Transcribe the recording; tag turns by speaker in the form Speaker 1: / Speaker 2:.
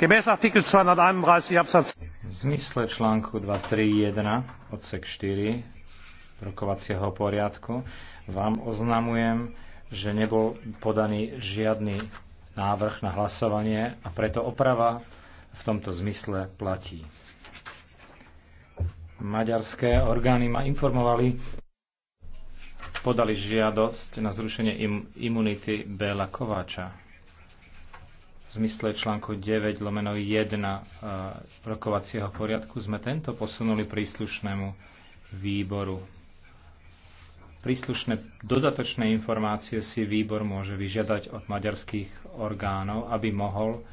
Speaker 1: V zmysle článku 231 odsek 4 rokovacieho poriadku vám oznamujem, že nebol podaný žiadny návrh na hlasovanie a preto oprava v tomto zmysle platí. Maďarské orgány ma informovali, podali žiadosť na zrušenie im, imunity Béla Kováča v zmysle článku 9 lomeno 1 e, rokovacieho poriadku sme tento posunuli príslušnému výboru. Príslušné dodatočné informácie si výbor môže vyžiadať od maďarských orgánov, aby mohol